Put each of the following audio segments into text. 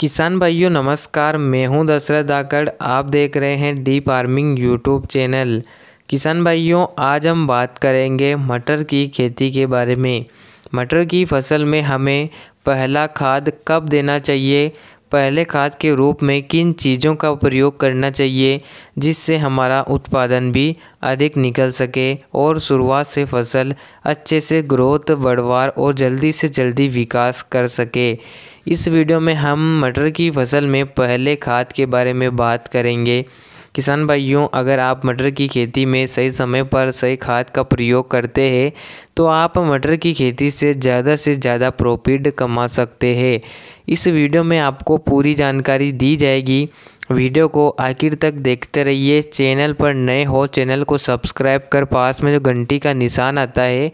किसान भाइयों नमस्कार मैं हूं दशरथ धाकड़ आप देख रहे हैं डी फार्मिंग यूट्यूब चैनल किसान भाइयों आज हम बात करेंगे मटर की खेती के बारे में मटर की फसल में हमें पहला खाद कब देना चाहिए पहले खाद के रूप में किन चीज़ों का प्रयोग करना चाहिए जिससे हमारा उत्पादन भी अधिक निकल सके और शुरुआत से फसल अच्छे से ग्रोथ बढ़वार और जल्दी से जल्दी विकास कर सके इस वीडियो में हम मटर की फसल में पहले खाद के बारे में बात करेंगे किसान भाइयों अगर आप मटर की खेती में सही समय पर सही खाद का प्रयोग करते हैं तो आप मटर की खेती से ज़्यादा से ज़्यादा प्रॉफिट कमा सकते हैं इस वीडियो में आपको पूरी जानकारी दी जाएगी वीडियो को आखिर तक देखते रहिए चैनल पर नए हो चैनल को सब्सक्राइब कर पास में जो घंटी का निशान आता है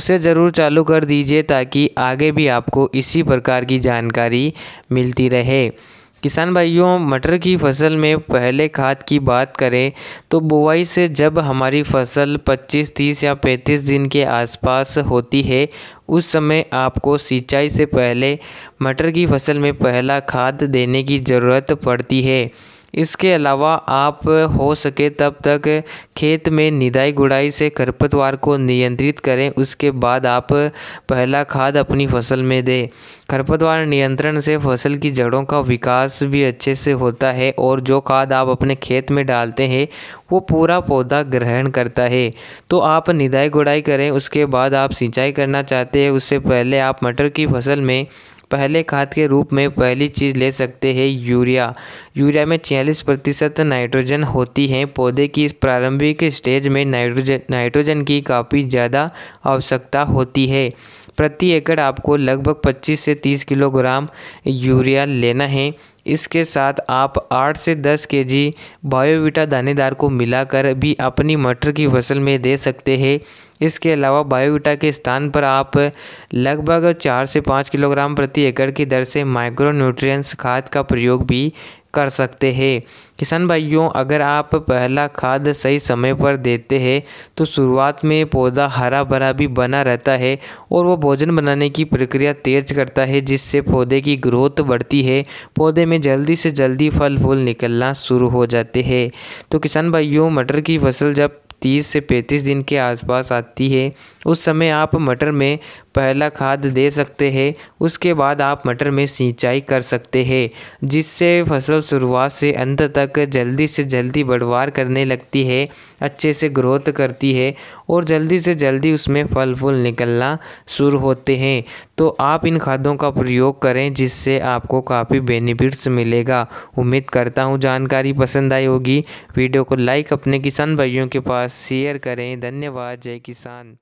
उसे ज़रूर चालू कर दीजिए ताकि आगे भी आपको इसी प्रकार की जानकारी मिलती रहे किसान भाइयों मटर की फसल में पहले खाद की बात करें तो बुआई से जब हमारी फसल 25 30 या 35 दिन के आसपास होती है उस समय आपको सिंचाई से पहले मटर की फसल में पहला खाद देने की ज़रूरत पड़ती है इसके अलावा आप हो सके तब तक खेत में निदाई गुड़ाई से खरपतवार को नियंत्रित करें उसके बाद आप पहला खाद अपनी फसल में दें खरपतवार नियंत्रण से फसल की जड़ों का विकास भी अच्छे से होता है और जो खाद आप अपने खेत में डालते हैं वो पूरा पौधा ग्रहण करता है तो आप निदाई गुड़ाई करें उसके बाद आप सिंचाई करना चाहते हैं उससे पहले आप मटर की फसल में पहले खाद के रूप में पहली चीज़ ले सकते हैं यूरिया यूरिया में छियालीस प्रतिशत नाइट्रोजन होती है पौधे की इस प्रारंभिक स्टेज में नाइट्रोजन नाइट्रोजन की काफ़ी ज़्यादा आवश्यकता होती है प्रति एकड़ आपको लगभग 25 से 30 किलोग्राम यूरिया लेना है इसके साथ आप 8 से 10 के जी बायोविटा दानेदार को मिलाकर भी अपनी मटर की फसल में दे सकते हैं इसके अलावा बायोविटा के स्थान पर आप लगभग चार से पाँच किलोग्राम प्रति एकड़ की दर से माइक्रो न्यूट्रियस खाद का प्रयोग भी कर सकते हैं किसान भाइयों अगर आप पहला खाद सही समय पर देते हैं तो शुरुआत में पौधा हरा भरा भी बना रहता है और वो भोजन बनाने की प्रक्रिया तेज करता है जिससे पौधे की ग्रोथ बढ़ती है पौधे में में जल्दी से जल्दी फल फूल निकलना शुरू हो जाते हैं तो किसान भाइयों मटर की फसल जब तीस से पैंतीस दिन के आसपास आती है उस समय आप मटर में पहला खाद दे सकते हैं उसके बाद आप मटर में सिंचाई कर सकते हैं जिससे फसल शुरुआत से अंत तक जल्दी से जल्दी बढ़वार करने लगती है अच्छे से ग्रोथ करती है और जल्दी से जल्दी उसमें फल फूल निकलना शुरू होते हैं तो आप इन खादों का प्रयोग करें जिससे आपको काफ़ी बेनिफिट्स मिलेगा उम्मीद करता हूँ जानकारी पसंद आई होगी वीडियो को लाइक अपने किसान भाइयों के पास शेयर करें धन्यवाद जय किसान